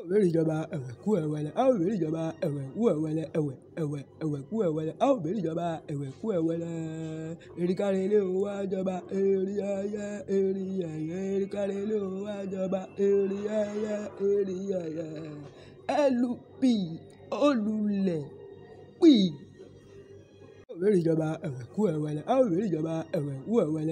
A ò béèrè ìjọba ẹ̀wẹ̀ kú ẹ̀wẹ̀lẹ̀, a ò béèrè ìjọba ẹ̀wẹ̀ kú ẹ̀wẹ̀lẹ̀, ẹ̀wẹ̀, ẹ̀wẹ̀, ẹ̀wẹ̀ kú ẹ̀wẹ̀lẹ̀, a ò béèrè ìjọba ẹ̀wẹ̀ kú ẹ̀wẹ̀lẹ̀. Eríkàrẹ́ ilé o wá jọba, erí yẹ́yẹ́, erí yẹ́yẹ́. Eríkàrẹ́ ilé o wá jọba, erí yẹ́yẹ́, erí yẹ́yẹ́. LP olùlẹ̀ pì. A ò béèrè ìjọba ẹ̀wẹ̀ kú ẹ̀wẹ̀lẹ̀, a ò béèrè ìjọba ẹ̀wẹ̀ kú ẹ̀wẹ̀lẹ̀